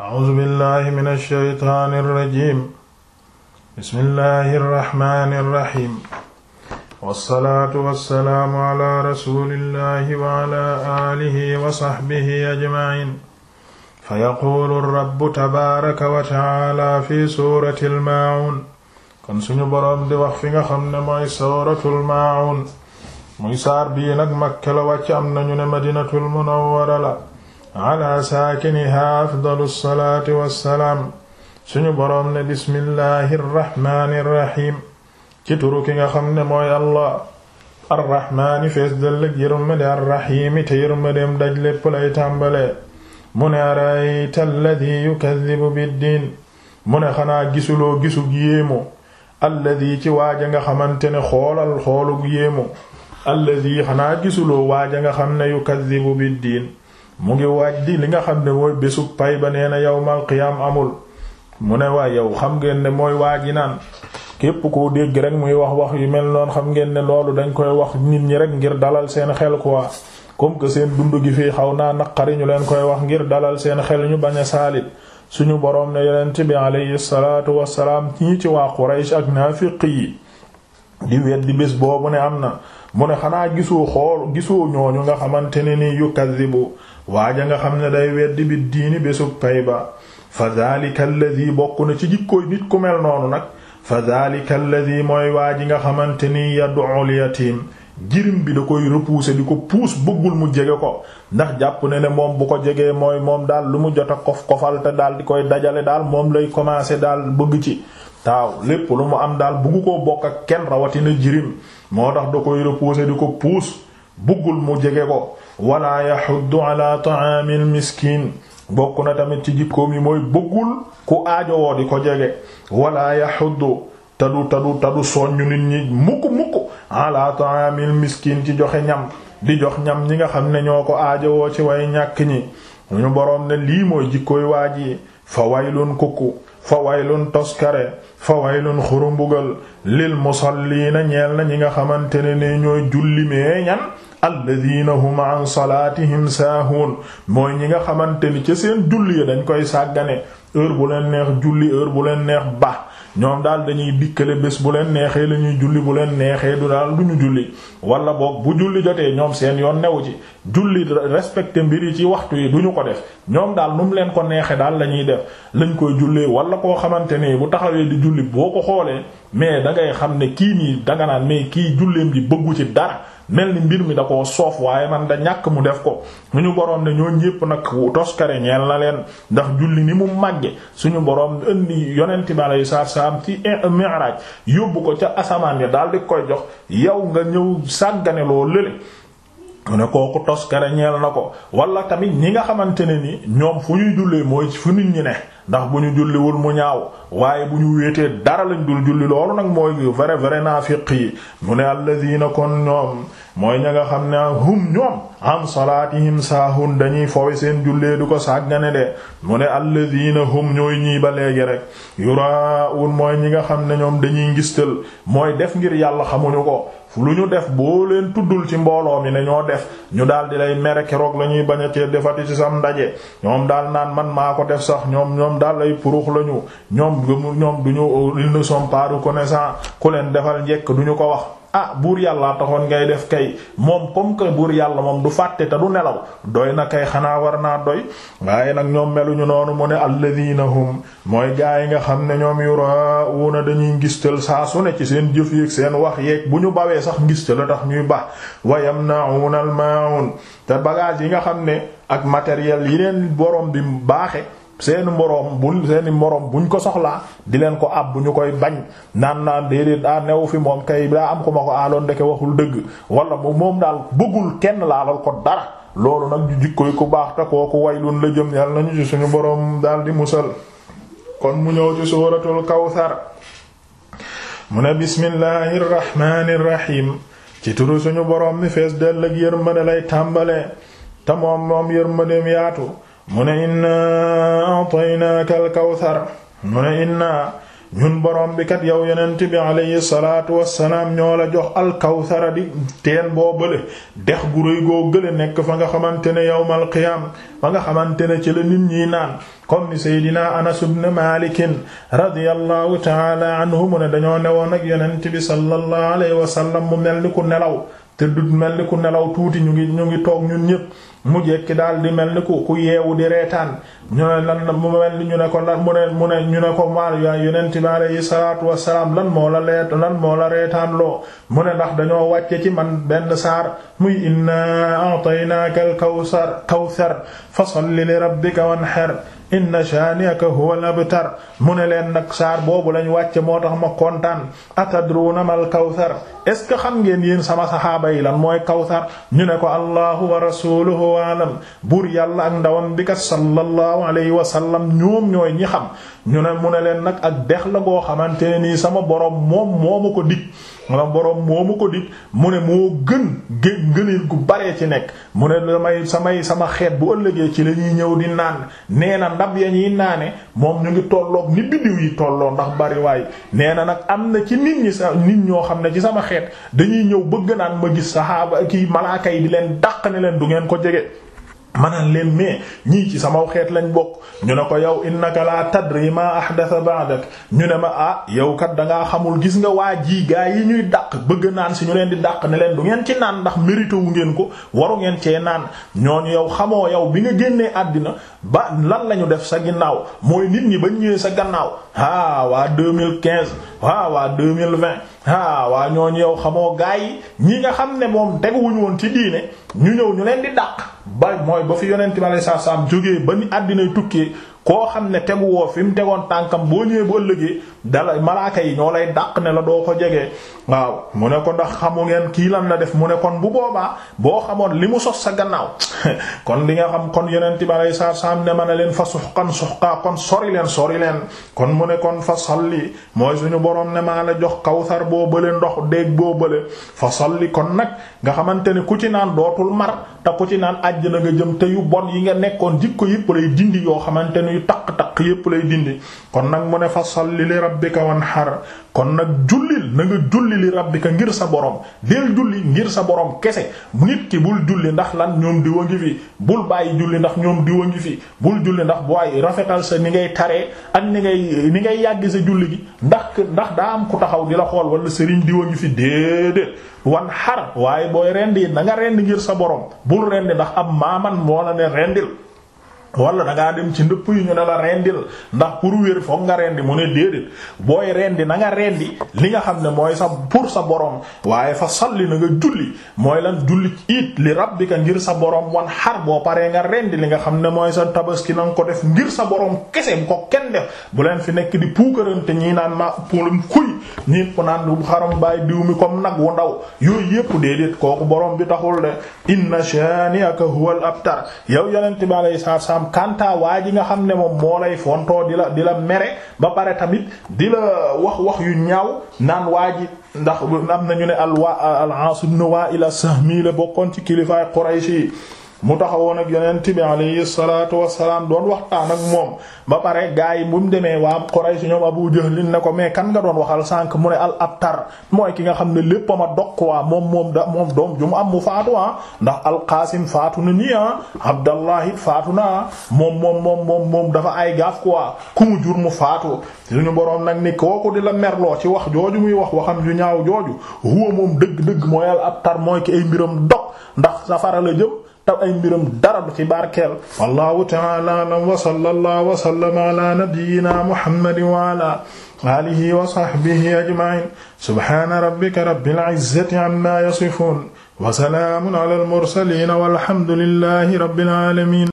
A'uuzu billaahi mina shaytaani rajiim. Bismillaahi rahmaani rahiim. Wassalaatu wassalaamu alaa rasuulillaahi wa alaa aalihi wa sahbihi ajma'iin. Fayaquulu rabbu tabaaraka wa ta'aalaa fi suuratil maa'uun. Kon suñu boroom di wax fi nga xam ne mooy suuratul maa'uun. Muy saar bii nag Makka la wàcc am nañu ne Madinatul Munawwara la. ala saakiniha afdalu salaati suñu boroom ne bismillahi rrahmaani rrahiim ci turu ki nga xam ne mooy allah arrahmaani fees dëllëg yërmande arrahiimi te yërmandeem daj lépp lay tàmbalee mu ne arayta alladi yukadibu biddiin mu ne xanaa gisuloo gisug yéemu alladi ci waaj a nga xamante ne xoolal xoolug yéemu alladi xanaa gisuloo waaj a nga xam ne yukadibu biddiin mu ngi waaj di li nga xam ne mooy bésu pay ba nee na yawmal qiyaam amul mu ne waa yow xam ngeen ne mooy waaji naan képp koo dégg rek muy wax wax yu mel noonu xam ngeen ne loolu dañ koy wax nit ñi rek ngir dalal seen xel quoi comme que seen dund gi fii xaw naa naqari ñu leen koy wax ngir dalal seen xel ñu bañ a saalit suñu boroom ne yonent bi alayhi salaatu wassalaam ñii ci waa Quraysh ak naafiq yi di weddi bés boobu ne am na mu ne xanaa gisoo xool gisoo ñooñu nga xamante ne ni waa ja nga xam ne day weddi bi diini bésub pay ba fa dhalika alladhi bokk na ci jikkooy nit ku mel noonu nag fa dhalika alladhi mooy waa ji nga xamante ni yad'ul yatim jirim bi da koy repousser di ko puus bëggul mu jege ko ndax jàpp ne ne moom bu ko jegee mooy moom daal lu mu jot a kof kofal te daal di koy dajale daal moom lay commencer daal bëgg ci taaw lépp lu mu am daal bëggu ko bokk ak kenn rawatina jirim moo tax du koy repousser di ko puus buggul mu jege ko wala yaxuddu ala ta'amil miskin bokk na tamit ci jikkoom yi mooy bëggul ku aajo aajowoo di ko jege wala yaxuddu tadu tadu tadu soññu nit ñi mukk mukk ala ta'amil miskin ci joxe ñam di jox ñam ñi nga xam ne ñoo ko aajo woo ci way ñàkk ñi ñu boroom ne lii mooy jikkooy waaj yi fa waylun kukku fa waylun toskare fa waylun xurumbugal lil musalliina ñeel na ñi nga xamante ne ne ñooy julli mee ñan alladina hum an salaatihim saahuun mooy ñi nga xamante ni ca seen julli ya dañ koy sàggane heure bu leen neex julli heure bu leen neex ba ñoom daal dañuy dikkale bés bu leen neexee la ñuy julli bu leen neexee du daal du ñu julli wala boog bu julli jotee ñoom seen yoon newu ci julli respecté mbir yi ci waxtu yi du ñu ko def ñoom daal nu mu leen ko neexee daal lañuy ñuy def lañ koy jullee wala koo xamante ne bu taxawee di julli boo ko xoolee mais da ngay xam ne kii nii danga naan mais kii julleem ji bëggu ci dara mel ni mbir mi da koo soof waaye man da ñàkk mu def ko suñu boroom ne ñoo ñépp nag toskare ñeel na leen ndax julli ni mu màggee suñu boroom indi yonent bi alayhi salaam ci mi'raj yóbbu ko ca asamaan ya daal di koy jox yow nga ñëw sàggane loo lële mu ne kooku toskare ñeel na ko wala tamit ñi nga xamante ne ni ñoom fu ñuy jullee mooy fu nit ñi ne ndax bu ñu julliwul mu ñaaw waaye bu ñu wéetee dara lañ dul julli loolu nag mooy vrai vrai naafiq yi mu ne alladina kon ñoom mooy ña nga xam ne hum ñoom am salaatihim saahun dañuy fowe seen jullee du ko sàggane de mu ne alladina hum ñooy ñii ba léegi rek yuraawun mooy ñi nga xam ne ñoom dañuy ngistal mooy def ngir yàlla xamuñu ko lu ñu def boo leen tuddul ci mbooloo mi ne ñoo def ñu daal di lay mere keroog la ñuy bañ a cee defati ci sam ndaje ñoom daal naan man maa ko def sax ñoom ñoom daal ay purux la ñu ñoom ñoom du ñu ils ne sont pas reconnaissants ku leen defal njekk du ko wax ah buur yàllaa taxoon ngay def kay moom comme que buur yàlla moom du fàtte te du nelaw doy na kay xanaa war naa doy waaye nag ñoom meluñu noonu mu ne alladina hum mooy gaa yi nga xam ne ñoom yuraawuna dañuy ngistal saa su ne ci seen jëf yeeg seen wax yeeg bu ñu bawee sax ngistal a tax ñuy bax wa yamna'una al-ma'un te bagage yi nga xam ne ak matériel yi leen borom bi baaxe seen moroom bu seeni mboroom buñ ko soxlaa di leen ko ab ñu koy bañ naan naan déedéet daa ah, newu fi moom kay daa am ko ma ko aaloon ndeke waxul dëgg wala moom daal bëggul kenn laalal ko dara loolu nag ñu jikkoy ku baax te kooku waylun la jëm yàlla nañu ci suñu boroom daal di musal kon mu ñëw ci suuratul kawsar mu ne bismillaahir rahmaanir rahiim ci turu suñu boroom mi fees dell ak yërmande lay tàmbale te moom moom yërmandeem yaatu mu ne inna a'taynaaka al-kawthar mu ne inna ñun borom bikat kat yow yonent bi alayhi salaatu wassalaam ñoo la jox alkawthara di teen boo bële dex gu rëy goo nekk fa nga xamante ne yawmal qiyaam fa nga xamante ne ci la nit ñi naan comme ni Seydina Anas ibn Maalik radiyallahu ta'ala anhu mu ne dañoo newoon ak yonent bi sallallahu alayhi wasallam mu mel ni ku nelaw te du mel ni ku nelaw tuuti ñu ngi ñu ngi toog ñun ñëpp mu jekki daal di mel ni ku ku yeewu di reetaan ñu ne lan mu mel ni ñu ne ko lan ne ñu ne ko maal yaa yonent bi alayhi salaatu wassalaam lan moo la leet lan moo la reetaan loo mu ne ndax dañoo wàcce ci man benn saar muy inna a'taynaakal kawsar kawsar fa salli li rabbika wanhar inna shani'aka huwal abtar mu ne leen nag saar boobu lañ wàcce moo tax ma kontaan atadruuna mal kawsar est-ce que xam ngeen yéen sama saxaaba yi lan mooy kawsar ñu ne ko allahu wa rasuluhu alam buur yàlla ak ndawam bi kat sallallahu alayhi wa sallam ñoom ñooy ñi xam ñu ne mu ne leen nag ak dex la goo xamante ne nii sama borom moom moomu ko dig la borom moomu ko dig mu ne moo gën gé ngëneel gu baree ci nekk mu ne damay samay sama xeet bu ëllëgee ci la ñuy ñëw di naan nee na ndab ya ñuy naane moom ñu ngi tollook ni biddiw yi tolloo ndax bari waaye nee na nag am na ci nit ñi sa nit ñoo xam ne ci sama xeet dañuy ñëw bëgg naan ma gis saxaaba kii malaaka yi di leen dàq ne leen du ngeen ko jege manaan leen mais ñii ci samaw xeet lañ bokk ñu ne ko yow innaka la yi ma ahdatha ba'dak ñu ne ma ah yow kat dangaa xamul gis nga waa ji gaa yi ñuy dàq bëgg naan si ñu leen di dàq ne leen du ngeen ci naan ndax mérité wu ngeen ko waru ngeen cee naan ñooñu yow xamoo yow bi nga génnee àddina ba lan la ñu def sa ginnaaw mooy nit ñi ba ñëwee sa gannaaw ah waa 2015 ah waa 2020 ah waa ñooñu yow xamoo gaa yi ñii nga xam ne moom teguwuñu woon ci diine ñu ñëw ñu leen di dàq ba mooy ba fi yonent bi sallallahu alayhi wasallam jógee ba ni àddina tukkee boo xam ne tegu woo fi mu tegoon tànkam boo ñëwee bu gi dala malaaka yi ñoo lay dàq ne la doo ko jege waaw mu ne ko ndax xamu ngeen kii lan la def mu ne kon bu boobaa boo xamoon li mu sos sa gannaaw kon li nga xam kon yonent bi alayhi salaam ne ma ne leen fa suxqan suxqaa kon sori leen sori leen kon mu ne kon fa salli mooy suñu borom ne maa la jox kawsar boo bële ndox déeg boo bële fa salli kon nag nga xamante ne ku ci naan dootul mar te ku ci naan àjjana nga jëm te yu bon yi nga nekkoon jikko yëpp lay dindi yoo xamante ni yu taq-taq yëpp lay dindi kon nag mu ne fa sol li rabbika wanhar kon nag jullil na nga julli li rabbika ngir sa borom del julli ngir sa borom kese nit ki bul julli ndax lan ñoom diwa ngi fi bul bàyyi julli ndax ñoom diwa ngi fi bul julli ndax booy rafetal sa ni ngay taree ak ni ngay ni ngay yàgg sa julli gi ndax ndax daa am ku taxaw di la xool wala sëriñ diwa ngi fi déedéet wan xar waaye booy rendi na nga rendi ngir sa borom bul rendi dax ab maaman moo la ne rendil wala da dem ci ndëpp yi ñu ne la rendil ndax pour wér foog nga rendi mu ne déedéet booy rendi na nga rendi li nga xam ne mooy sa pour sa boroom waaye fa salli na nga julli mooy lan julli it li rabbika ngir sa boroom wan xar boo paree nga rendi li nga xam ne mooy sa tabaski na nga ko def ngir sa boroom kese ko kenn def bu leen fi nekk di te ñii naan ma poolum kuy ñii ko naan du xaram bàyyi diw mi comme nag wu ndaw yooyu yépp déedéet kooku borom bi taxul de inna shani'aka huwal abtar yow salaam kanta waa ji nga xam ne moom moo lay fontoo di la di la mere ba pare tamit di la wax wax yu ñaaw naan waa ji ndax am na ñu ne al wa al Aas ibn Wa'il as-Sahmi la bokkoon ci kilifaay Quraysh yi mu taxawoon ak yonent bi alayhi salaatu wassalaam doon waxtaan ak moom ba pare gaa yi bu mu demee waa Quraysh ñoom Abu Jahl ne ko mais kan nga doon waxal sànq mu ne al abtar mooy ki nga xam ne lépp ma dok waa moom moom da moom doom ju am mu faatu ah. ndax alqaasim faatu na nii ah Abdallah faatu na ah moom moom moom moom dafa ay gaaf quoi ku mu mu faatu suñu boroom nag ni kooku di la merloo ci wax jooju muy wax waxam ju ñaaw jooju moom dëgg-dëgg mooy al abtar mooy ki ay mbiram dok ndax safara la jëm. te ay mbiram dara du ci barkeel wallahu ta'ala a'lam wa sallallahu wa sallama ala nabiyyina muhammadin wa ala alihi wa sahbihi ajma'in subhana rabbika rabbil izzati amma yasifun wa salamun ala al mursalin walhamdulillahi rabbil alamin